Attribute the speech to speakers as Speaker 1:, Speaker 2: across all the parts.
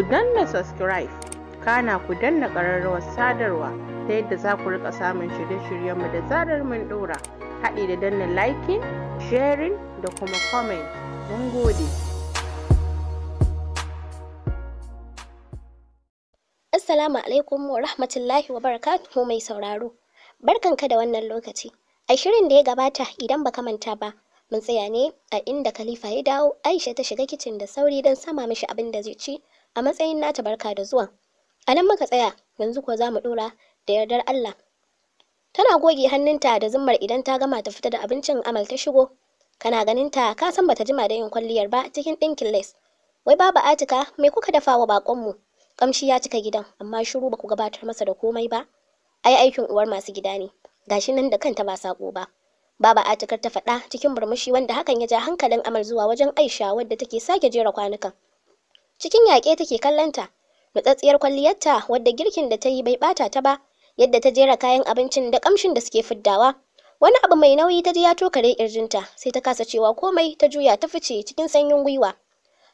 Speaker 1: ku danna subscribe kana ku danna ƙararrawar sadarwa ta yadda za ku rika samun shirye-shiryenmu da zarar mun ɗora haɗi da danna liking sharing da kuma comment mun gode Assalamu alaikum wa rahmatullahi wa barakatuhu mai sauraro barkanka da wannan lokaci a shirin da ya gabata idan baka manta ba mun tsaya ne a inda khalifa ya dawo aisha ta shiga kicin da sauri don sama mishi abin da zai ci a matsayin nata barka da zuwa a nan muka tsaya yanzu kuwa za mu ɗora da yardar Allah tana goge hannunta da zummar idan ta gama ta fita da abincin amal ta shigo kana ganin ta ka san bata jima da yin kwalliyar ba cikin ɗinkin les wai babu atika me kuka dafa wa baƙonmu kamshi ya cika gidan amma shiru ba ku gabatar masa da komai ba ai aikin uwar masu gida ne gashi nan da kanta ba sako ba Baba Atikar ta faɗa cikin murmushi wanda hakan ya ja hankalin Amal zuwa wajen Aisha wadda take sake jera kwanukan. cikin yaƙe take kallonta nutsatsiyar kwalliyarta wadda girkin da ta yi bai ɓata ta ba yadda ta jera kayan abincin da ƙamshin da suke fiddawa wani abu mai nauyi ta ji ya tokare ƙirjinta sai ta kasa cewa komai ta juya ta fice cikin sanyin gwiwa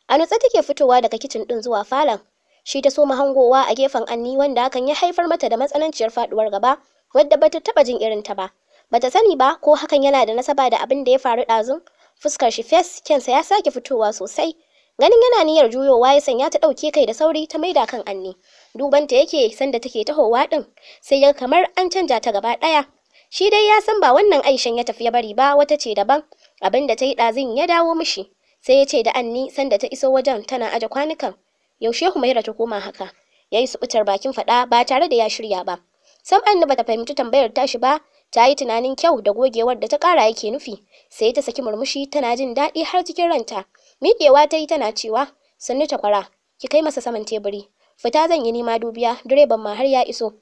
Speaker 1: a nutsa take fitowa daga kicin ɗin zuwa falon shi ta soma hangowa a gefen anni wanda hakan ya haifar mata da matsananciyar faɗuwar gaba wadda bata taɓa jin irin ta ba bata sani ba ko hakan yana da nasaba da abin da ya faru ɗazun fuskar shi fes kensa ya sake fitowa sosai ganin yana niyyar juyowa ya sanya ta ɗauke kai da sauri ta maida kan anni duban ta yake sanda take tahowa ɗin sai ya kamar an canja ta gaba ɗaya shi dai ya san ba wannan aishan ya tafi ya bari ba wata ce daban abin da ta yi ɗazin ya dawo mishi sai ya ce da anni sanda ta iso wajen tana aje kwanukan yaushe humaira ta koma haka ya yi subutar bakin faɗa ba tare da ya shirya ba sam anni bata fahimci tambayar tashi ba ta yi tunanin kyau da gogewar da ta ƙara yake nufi sai ta saki murmushi tana jin daɗi har cikin ranta Miƙewa ta yi tana cewa, sannu takwara, ki kai masa saman teburi. Fita zan yi nima dubiya, direban ma har ya iso.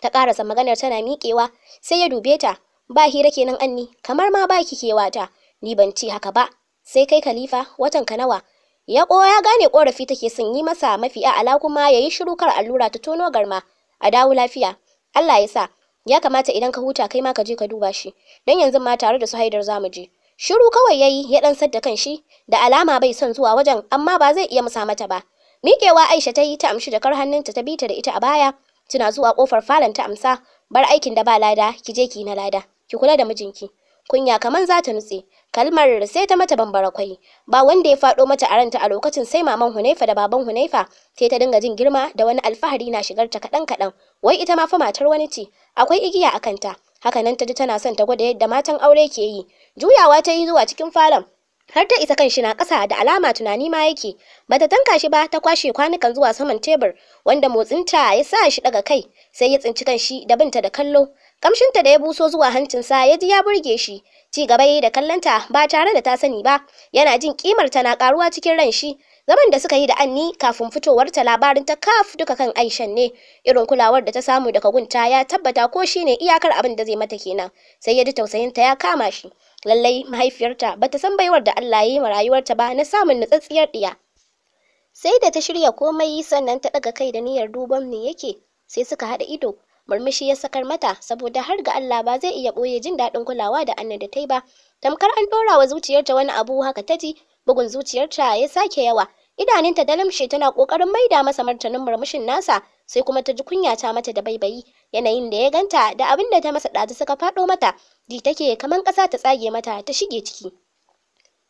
Speaker 1: Ta ƙarasa maganar tana miƙewa, sai ya dube ta. Ba hira kenan anni, kamar ma baki kewata. Ni ban ci haka ba. Sai kai Khalifa, watan ka nawa? Ya ya gane korafi take son yi masa mafi ala kuma ya yi shiru kar allura ta tono garma. A dawo lafiya. Allah ya sa. Ya kamata idan ka huta kai ma ka je ka duba shi. don yanzu ma tare da su haidar zamu je. Shiru kawai ya yi, ya ɗansar da kanshi, da alama bai son zuwa wajen amma ba zai iya musa mata ba. Miƙewa Aisha ta yi ta amshi jakar hannunta ta bita da ita a baya, tana zuwa kofar falon ta amsa, bar aikin da ba lada, ki je ki na lada, ki kula da mijinki. Kunya kaman za ta nutse, kalmar sai ta mata bambara kwai, ba wanda ya faɗo mata a ranta a lokacin sai maman Hunaifa da baban Hunaifa, sai ta dinga jin girma da wani alfahari na shigar ta kaɗan kaɗan, wai ita ma fa matar wani ce, akwai igiya a kanta. haka nan ta ji tana son ta gwada yadda matan aure ke yi juyawa ta yi zuwa cikin falon har ta isa kan shi na ƙasa da alama tunani ma yake ba ta tanka shi ba ta kwashe kwanukan zuwa saman tebur wanda motsinta ya sa shi daga kai sai ya tsinci kan shi da binta da kallo kamshinta da ya buso zuwa hancinsa ya ji ya burge shi ci gaba da kallonta ba tare da ta sani ba yana jin kimar na karuwa cikin ran shi Zaman da suka yi da Anni kafin fitowar ta labarin ta kaf duka kan Aishan ne. Irin kulawar da ta samu daga gunta ya tabbata ko shine iyakar abin da zai mata kenan. Sai ya ji tausayin ta ya kama shi. Lallai mahaifiyarta bata san baiwar da Allah ya yi ma rayuwarta ba na samun nutsatsiyar diya. Sai da ta shirya komai sannan ta ɗaga kai da niyyar duban ne yake sai suka haɗa ido murmushi ya sakar mata saboda har ga Allah ba zai iya ɓoye jin daɗin kulawa da annan da ta yi ba tamkar an ɗora wa zuciyarta wani abu haka ta ji bugun zuciyarta ya sake yawa idanunta da lamshe tana kokarin maida masa martanin murmushin nasa sai kuma ta ji kunya ta mata da baibayi yanayin da ya ganta da abin da ta masa ɗazu suka faɗo mata ji take kaman ƙasa ta tsage mata ta shige ciki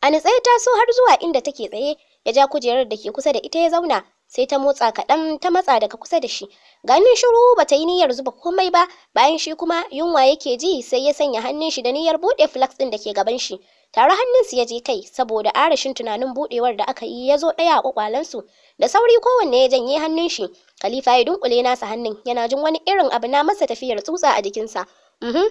Speaker 1: a nitsaye ta so har zuwa inda take tsaye ya ja kujerar da ke kusa da ita ya zauna sai ta motsa kaɗan ta matsa daga kusa da shi ganin shiru ba ta yi niyyar zuba komai ba bayan shi kuma yunwa yake ji sai ya sanya hannun shi da niyyar buɗe flax ɗin da ke gaban shi tare hannunsu ya je kai saboda arashin tunanin buɗewar da aka yi ya zo ɗaya a kwakwalensu da sauri kowanne ya janye hannun shi khalifa ya dunkule nasa hannun yana jin wani irin abu na masa tafiyar tsutsa a jikinsa uhm,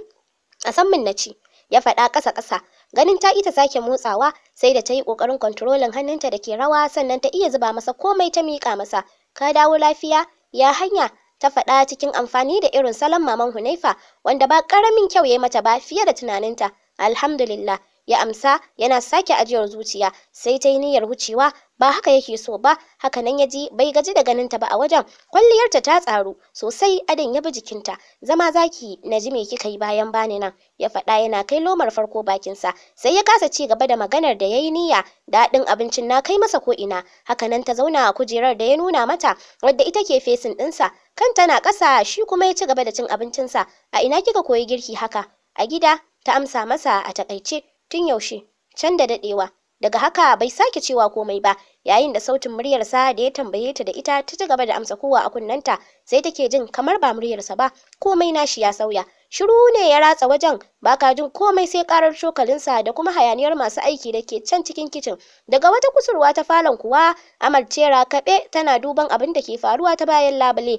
Speaker 1: a san na ci ya faɗa ƙasa ƙasa ganin ta ita sake motsawa sai da ta yi ƙoƙarin kontrolin hannunta da ke rawa sannan ta iya zuba masa komai ta miƙa masa ka dawo lafiya ya hanya ta faɗa cikin amfani da irin salon maman Hunaifa wanda ba ƙaramin kyau ya mata ba fiye da tunaninta alhamdulillah ya amsa yana sake ajiyar zuciya sai ta yi niyyar wucewa ba haka yake so ba haka nan ya ji bai gaji da ganinta ba a wajen kwalliyarta ta tsaru sosai adin ya bi jikinta zama zaki na ji me kika yi bayan bani nan ya faɗa yana kai lomar farko bakinsa sai ya kasa ci gaba da maganar da ya yi niyya daɗin abincin na kai masa ko ina haka nan ta zauna a kujerar da ya nuna mata wadda ita ke fesin ɗinsa kan tana ƙasa shi kuma ya ci gaba da cin abincinsa a ina kika koyi girki haka a gida ta amsa masa a takaice Tun yaushe, can da dadewa, daga haka bai sake cewa komai ba, yayin da sautin muryarsa da ya tambaye ta da ita ta ci gaba da amsa kowa a kunnanta, sai take jin kamar ba muryarsa ba, komai nashi ya sauya. Shiru ne ya ratsa wajen, ba ka jin komai sai karar cokalinsa da kuma hayaniyar masu aiki da ke can cikin kicin. Daga wata kusurwa ta falon kuwa, Amal Cera tana duban abin da ke faruwa ta bayan labule.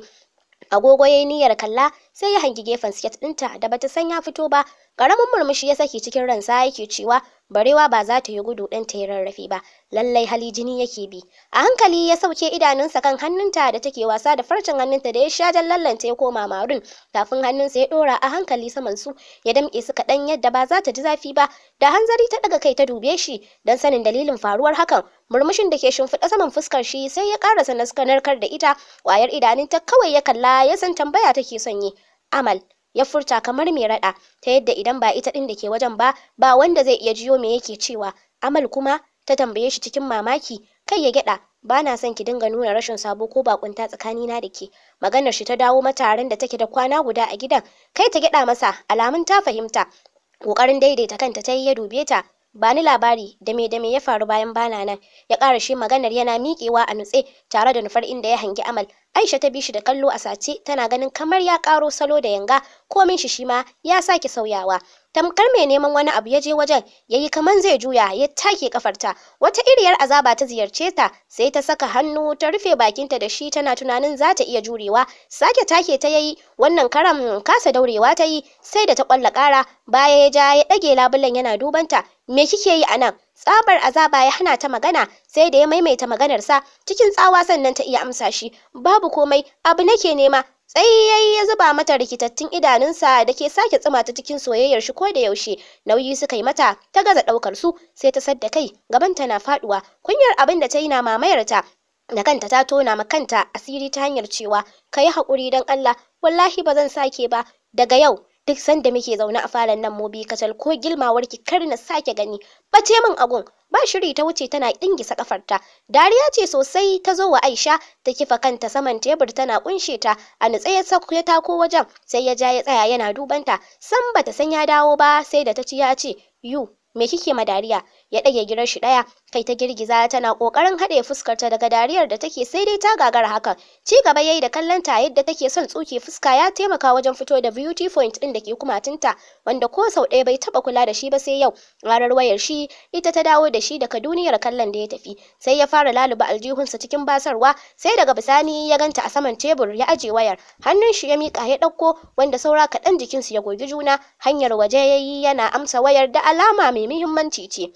Speaker 1: agogo yayi niyyar kalla sai ya hangi gefen siket ɗinta da bata san ya fito ba ƙaramin murmushi ya saki cikin ransa yake cewa Barewa ba za ta yi gudu ɗan ta yi rarrafe ba, lallai hali jini yake bi. A hankali ya sauke idanunsa kan hannunta da take wasa da farcen hannunta da ya sha jan lallanta ya koma marun, Kafin hannunsa ya ɗora a hankali saman su, ya damƙe su kaɗan yadda ba za ta ji zafi ba, da hanzari ta ɗaga kai ta dube shi don sanin dalilin faruwar hakan. Murmushin da ke shimfiɗa saman fuskar shi sai ya ƙarasa narkar da ita, ƙwayar idanunta kawai ya kalla ya san tambaya take son yi. Amal, ya furta kamar mai raɗa ta yadda idan ba ita ɗin da ke wajen ba ba wanda zai iya jiyo me yake cewa amal kuma ta tambaye shi cikin mamaki kai ya gyaɗa ba na son ki dinga nuna rashin sabo ko bakunta na da ke maganar shi ta dawo mataren da take da kwana guda a gidan kai ta gyaɗa masa alamun ta fahimta ƙoƙarin daidaita kanta ta yi ya dube ta Bani labari da me da me ya faru bayan bana nan. Ya ƙara shi maganar yana miƙewa a nutse tare da nufar inda ya hangi Amal. Aisha ta bi shi da kallo a sace tana ganin kamar ya ƙaro salo da yanga komin shi shi ma ya sake sauyawa. tamkar mai neman wani abu ya je wajen Ya yi kaman zai juya ya take kafarta wata iriyar azaba ta ziyarce ta sai ta saka hannu ta rufe bakinta da shi tana tunanin za ta iya jurewa sake take ta yayi wannan karam kasa daurewa ta yi sai da ta kwalla kara baya ya ja ya dage labulen yana dubanta me kike yi anan tsabar azaba ya hana ta magana sai da ya maimaita maganarsa cikin tsawa sannan ta iya amsa shi babu komai abu nake nema Tsayi ya ya zuba mata rikitattun idanunsa da ke sake tsuma ta cikin soyayyar shi ko da yaushe. Nauyi suka yi mata, ta gaza ɗaukar su, sai ta sadda kai, gaban ta na faduwa Kunyar abin da ta yi na mamayar ta. Da kanta ta tona ma kanta asiri ta hanyar cewa, ka yi haƙuri don Allah, wallahi ba zan sake ba, daga yau duk sanda muke zaune a falon nan mu bi kacal ko gilmawar ki kar na sake gani bace min agun ba shiri ta wuce tana dingisa kafarta dariya ce sosai ta zo wa Aisha ta kifa kanta saman tebur tana kunshe ta a nutse ya sako ya tako wajen sai ya ja ya tsaya yana dubanta san bata san ya dawo ba sai da ta ci ya ce yu me kike ma dariya ya ɗage gidan shi ɗaya kai ta girgiza tana ƙoƙarin haɗe fuskarta daga dariyar da take sai dai ta gagara hakan ci gaba yayi da kallon ta yadda take son tsuke fuska ya taimaka wajen fito da beauty point ɗin da ke kumatunta wanda ko sau ɗaya bai taɓa kula da shi ba sai yau ranar wayar shi ita ta dawo da shi daga duniyar kallon da ya tafi sai ya fara laluba aljihunsa cikin basarwa sai daga bisani ya ganta a saman tebur ya aje wayar hannun shi ya miƙa ya ɗauko wanda saura kaɗan jikinsu ya gogi juna hanyar waje yayi yana amsa wayar da alama mai muhimmanci ce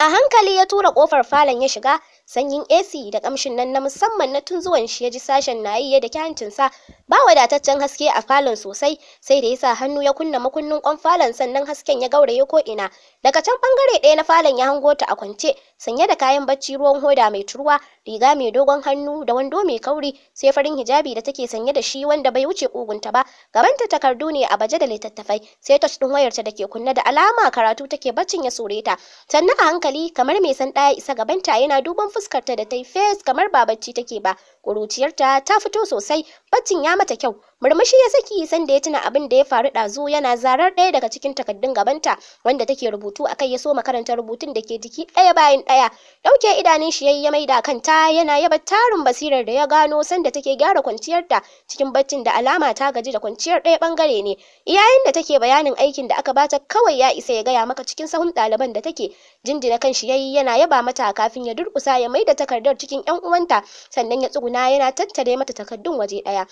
Speaker 1: A hankali ya tura ƙofar falon ya shiga. sanyin AC da kamshin nan na musamman na tun zuwan shi ya ji sashen na yi yadda hancinsa ba wadataccen haske a falon sosai sai da yasa hannu ya kunna makunnin kwan falon sannan hasken ya gauraye ko ina daga can bangare ɗaya na falon ya hango ta a kwance sanye da kayan bacci ruwan hoda mai turuwa riga mai dogon hannu da wando mai kauri sai farin hijabi da take sanye da shi wanda bai wuce kugunta ba gabanta takardu ne a baje da littattafai sai touch din wayarta da ke kunna da alama karatu take baccin ya sore ta sannan a hankali kamar mai san ɗaya isa gabanta yana duban fuskarta da ta yi fes kamar ba take ba ƙuruciyarta ta fito sosai baccin ya mata kyau murmushi ya saki sanda ya tuna abin da ya faru ɗazu yana zarar ɗaya daga cikin takaddun gabanta wanda take rubutu a kai ya so makarantar rubutun da ke jiki ɗaya bayan ɗaya ɗauke idanun shi yayi ya maida kanta yana yaba tarin basirar da ya gano sanda take gyara kwanciyarta cikin baccin da alama ta gaji da kwanciyar ɗaya bangare ne iyayen da take bayanin aikin da aka bata kawai ya isa ya gaya maka cikin sahun ɗaliban da take jinjina kan shi yayi yana yaba mata kafin ya durkusa ya mai da takardar cikin 'yan uwanta sannan ya tsuguna yana tattare mata takardun waje ɗaya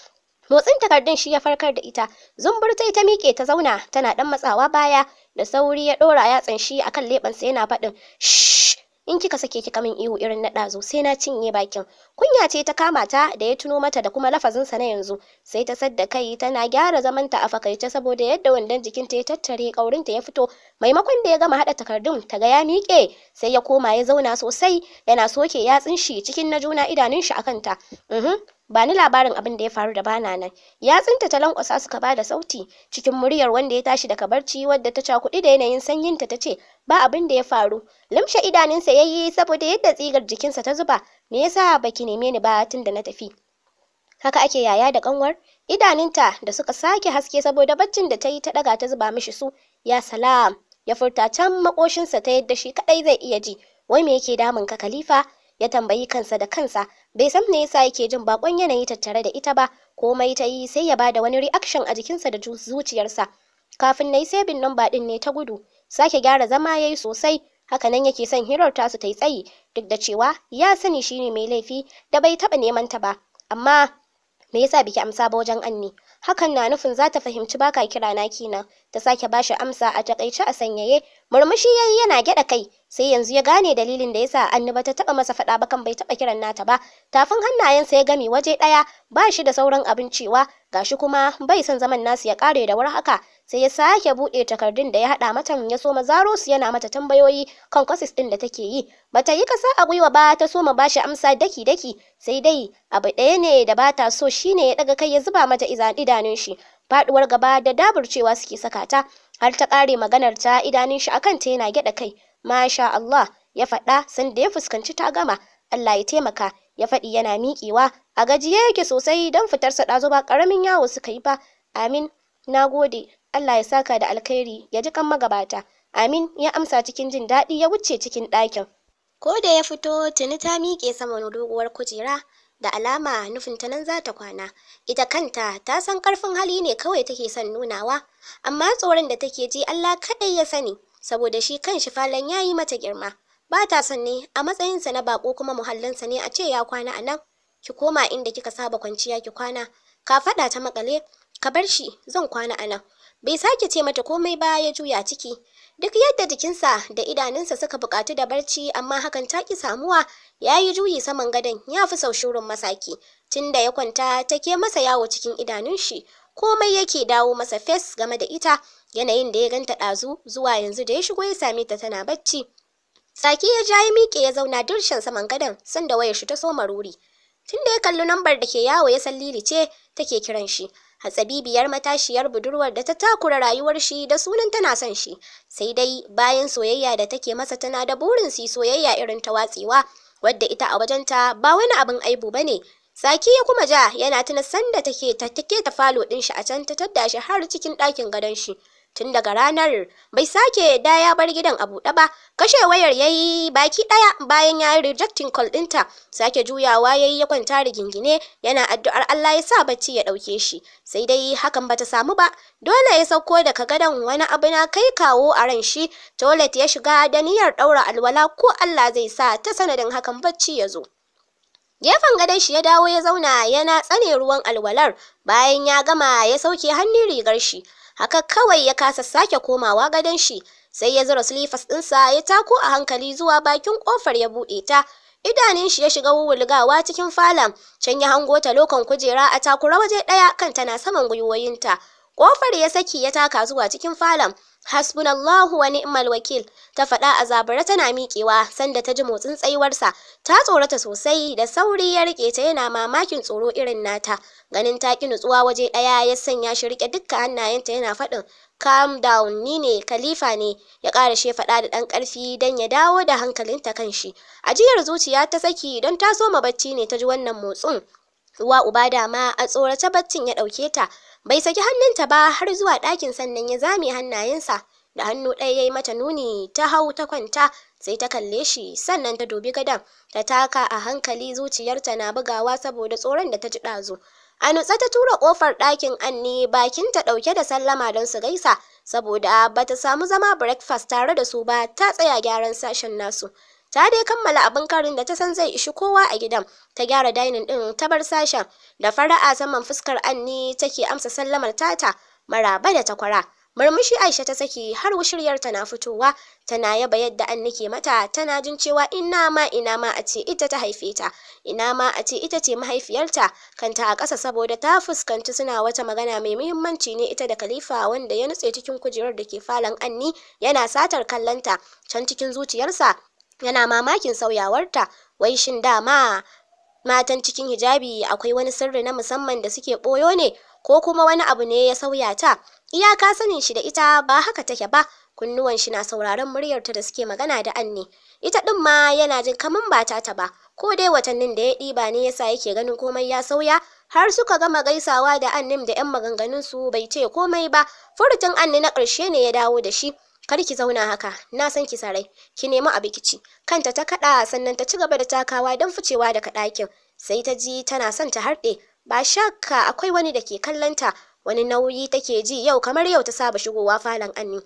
Speaker 1: motsin takardun shi ya farkar da ita zumburtai ta miƙe ta zauna tana ɗan matsawa baya da sauri ya ɗora yatsan shi akan leɓensa yana faɗin shh in kika sake kika min ihu irin na ɗazu sai na cinye bakin kunya ce ta kama ta da ya tuno mata da kuma lafazin sa na yanzu sai ta sadda kai tana gyara zamanta a fakaice saboda yadda wandon ta ya tattare kaurin ta ya fito maimakon da ya gama haɗa takardun ta ga ya miƙe sai ya koma ya zauna sosai yana soke yatsun shi cikin na juna idanun shi akanta uhum ba ni labarin abin da ya faru da bana nan ya tsinta ta lankwasa suka da sauti cikin muryar wanda ya tashi daga barci wadda ta kuɗi da yanayin sanyin ta tace ba abin da ya faru limshe idanunsa ya yi saboda yadda tsigar jikinsa ta zuba me yasa baki neme ni ba tun da na tafi haka ake yaya da kanwar Idaninta da suka sake haske saboda baccin da ta yi ta ɗaga ta zuba mishi su ya salam ya furta can makoshinsa ta yadda shi kaɗai zai iya ji wai me yake damun ka khalifa ya tambayi kansa da kansa bai san me yasa yake jin bakon yanayi tattare da ita ba komai ta yi sai ya bada wani reaction a jikinsa da zuciyarsa kafin na yi bin namba din ne ta gudu sake gyara zama ya yi sosai haka nan yake son hirar tasu ta yi tsayi duk da cewa ya sani shine mai laifi da bai taba neman ta ba amma me yasa biki amsa ba wajen anni hakan na nufin za ta fahimci baka kira na kina ta sake bashi amsa a takaice a sanyaye murmushi yayi yana gyada kai sai yanzu ya gane dalilin da yasa ba ta taba masa fada kan bai taba kiran nata ba tafin hannayensa ya gami waje daya ba shi da sauran abin cewa gashi kuma bai son zaman nasu ya kare da war haka sai ya sake buɗe takardun da ya haɗa mata ya so mazaro su yana mata tambayoyi kan kwasis ɗin da take yi bata yi kasa a gwiwa ba ta so ma bashi amsa daki daki sai dai abu ɗaya ne da bata so shine ya ɗaga kai ya zuba mata izaɗi idanun shi faduwar gaba da cewa suke saka ta har ta kare maganar ta idanun shi akan ta yana gyada kai masha Allah ya faɗa sanda ya fuskanci ta gama Allah ya taimaka ya faɗi yana miƙewa a gajiye yake sosai don fitar sa ɗazu ba ƙaramin yawo suka yi ba amin na gode Allah ya saka da alkhairi ya ji kan magabata amin ya amsa cikin jin daɗi ya wuce cikin ɗakin ko da ya fito tuni ta miƙe saman doguwar kujera da alama nufinta nan za ta kwana ita kanta ta san karfin hali ne kawai take son nunawa amma tsoron da take ji Allah kadai ya sani saboda shi kanshi falon yayi mata girma ba ta son ne a matsayinsa na bako kuma muhallinsa ne a ce ya kwana a nan ki koma inda kika saba kwanciya ki kwana ka faɗa ta makale ka bar shi zan kwana a nan bai sake ce mata komai ba ya juya ciki Duk yadda jikinsa da idanunsa suka buƙatu da barci amma hakan ta ki samuwa ya yi juyi saman gadon ya fi sau shurin masaki. Tunda ya kwanta take masa yawo cikin idanun shi komai yake dawo masa fes game da ita yanayin da ya ganta ɗazu zuwa yanzu da ya shigo ya same ta tana bacci. Saki ya ja ya miƙe ya zauna dirshan saman gadon sanda wayar shi ta soma ruri. Tunda ya kalli lambar da ke yawo ya san Lili ce take kiran shi. hatsabibiyar matashiyar budurwar da ta takura rayuwar shi da sunan tana son shi sai dai bayan soyayya da take masa tana da burin su soyayya irin ta watsewa wadda ita a wajenta ba wani abin aibu ba ne, Saki ya kuma ja yana tuna sanda take ta take ta falo ɗin shi a can ta tadda shi har cikin ɗakin gadon shi. Tun daga ranar bai sake da ya bar gidan a buɗe ba, kashe wayar ya yi baki ɗaya bayan ya yi rejecting call ɗinta, sake juyawa ya yi ya kwanta rigingine yana addu'ar Allah ya sa bacci ya ɗauke shi. Sai dai hakan bata samu ba, dole ya sauko daga gadon wani abu na kai kawo a ran shi, toilet ya shiga da niyyar ɗaura alwala ko Allah zai sa ta sanadin hakan bacci ya zo. Gefen gadon shi ya dawo ya zauna yana tsane ruwan alwalar bayan ya gama ya sauke hannun rigar shi haka kawai ya kasa sake komawa gadon shi sai ya zura silifas ɗinsa ya tako a hankali zuwa bakin ƙofar ya buɗe ta idanun shi ya shiga wulgawa cikin falon can ya hango ta lokan kujera a takura waje ɗaya kan tana saman gwiwoyinta ƙofar ya saki ya taka zuwa cikin falon hasbunallahu wa ni'mal wakil ta faɗa a zabara tana miƙewa sanda ta ji motsin tsayuwarsa ta tsorata sosai da sauri ya rike ta yana mamakin tsoro irin nata ganin ta ki nutsuwa waje ɗaya ya sanya shi rike dukka hannayenta yana faɗin calm down ni ne kalifa ne ya ƙara she faɗa da ɗan ƙarfi don ya dawo da hankalinta kan shi ajiyar zuciya ta saki don ta soma bacci ne ta ji wannan motsin Uwa uba dama a tsorata baccin ya ɗauke ta Bai saki hannunta ba har zuwa ɗakin sannan ya zame hannayensa da hannu ɗaya ya yi mata nuni ta hau ta kwanta sai ta kalle shi sannan ta dubi gadon ta taka a hankali zuciyarta na bugawa saboda tsoron da ta ji ɗazu. A nutsa ta tura ƙofar ɗakin Anni bakinta ɗauke da sallama don su gaisa saboda ba ta samu zama breakfast tare da su ba ta tsaya gyaran sashen nasu. ta dai kammala abin karin da ta san zai ishi kowa a gidan ta gyara dainin din ta bar sashen da fara'a saman fuskar anni take amsa sallamar tata maraba da takwara murmushi aisha ta saki har wushiryar na fitowa tana yaba yadda Anni ke mata tana jin cewa ina ma ina ma a ce ita ta haife ta ina ma a ce ita ce mahaifiyarta kanta a ƙasa saboda ta fuskanci suna wata magana mai muhimmanci ne ita da khalifa wanda ya nutse cikin kujerar da ke falon anni yana satar kallonta can cikin zuciyarsa yana mamakin sauyawarta wai shin dama matan cikin hijabi akwai wani sirri na musamman da suke boyo ne ko kuma wani abu ne ya sauya ta iyaka sanin shi da ita ba haka take ba kunnuwan shi na sauraron muryarta da suke magana da anne ita din ma yana jin kaman ba ta ba ko dai watannin da ya ɗiba ne yasa yake ganin komai ya sauya har suka gama gaisawa da annim da 'yan maganganunsu bai ce komai ba furtin anni na ƙarshe ne ya dawo da shi kar ki zauna haka na san ki sarai ki nemi abu ki ci kanta ta kada sannan ta ci gaba da takawa don ficewa daga ɗakin sai ta ji tana son ta harɗe ba shakka akwai wani da ke kallonta wani nauyi take ji yau kamar yau ta saba shigowa falon anni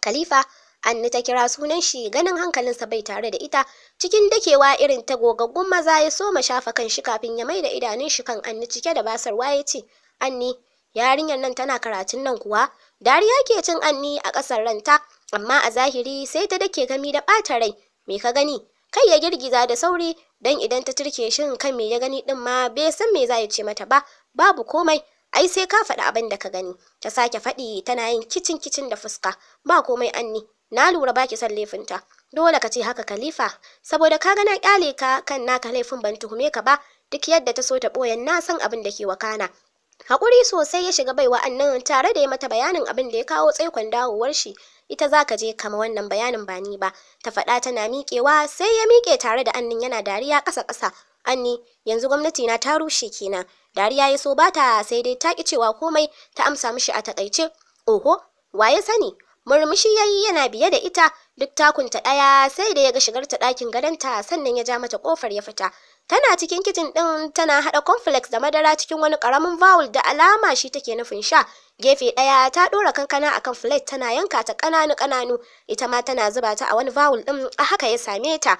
Speaker 1: khalifa anni ta kira sunan shi ganin hankalinsa bai tare da ita cikin dakewa irin ta gogaggun maza ya so ma shafa kan shi kafin ya mai da idanun shi kan anni cike da basarwa ya ce anni yarinyar nan tana karatun nan kuwa dariya ke cin anni a ƙasar ranta amma a zahiri sai ta dake gami da ɓata rai me ka gani kai ya girgiza da sauri don idan ta turke shin kan me ya gani din ma bai san me za ya ce mata ba babu komai ai sai ka faɗi abin da ka gani ta sake faɗi tana yin kicin kicin da fuska ba komai anni na lura baki son laifinta dole ka ce haka kalifa? saboda ka gana kyale ka kan naka laifin ban tuhume ka ba duk yadda ta so ta ɓoye na san abin da ke wakana haƙuri sosai ya shiga baiwa annan tare da ya mata bayanin abin da ya kawo tsaikon dawowar shi ita za ka je kama wannan bayanin ba ni ba ta faɗa tana miƙewa sai ya miƙe tare da annin yana dariya ƙasa ƙasa anni yanzu gwamnati na ta rushe kenan dariya ya so bata sai dai ta ki cewa komai ta amsa mishi a takaice oho waye sani murmushi yayi yana biye da ita duk takunta ɗaya sai da ya ga shigar ta ɗakin gadonta sannan ya ja mata ƙofar ya fita Tana cikin kitchen ɗin tana haɗa cornflakes da madara cikin wani ƙaramin bowl da alama shi take nufin sha. Gefe ɗaya ta ɗora kankana akan plate tana yanka ta ƙananu-ƙananu, ita ma tana zuba ta a wani bowl ɗin a haka ya same ta.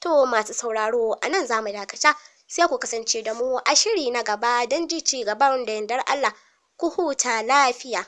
Speaker 1: To masu sauraro a nan za mu dakata sai ku kasance da mu a shiri na gaba don ji ci gaban da yardar Allah ku huta lafiya.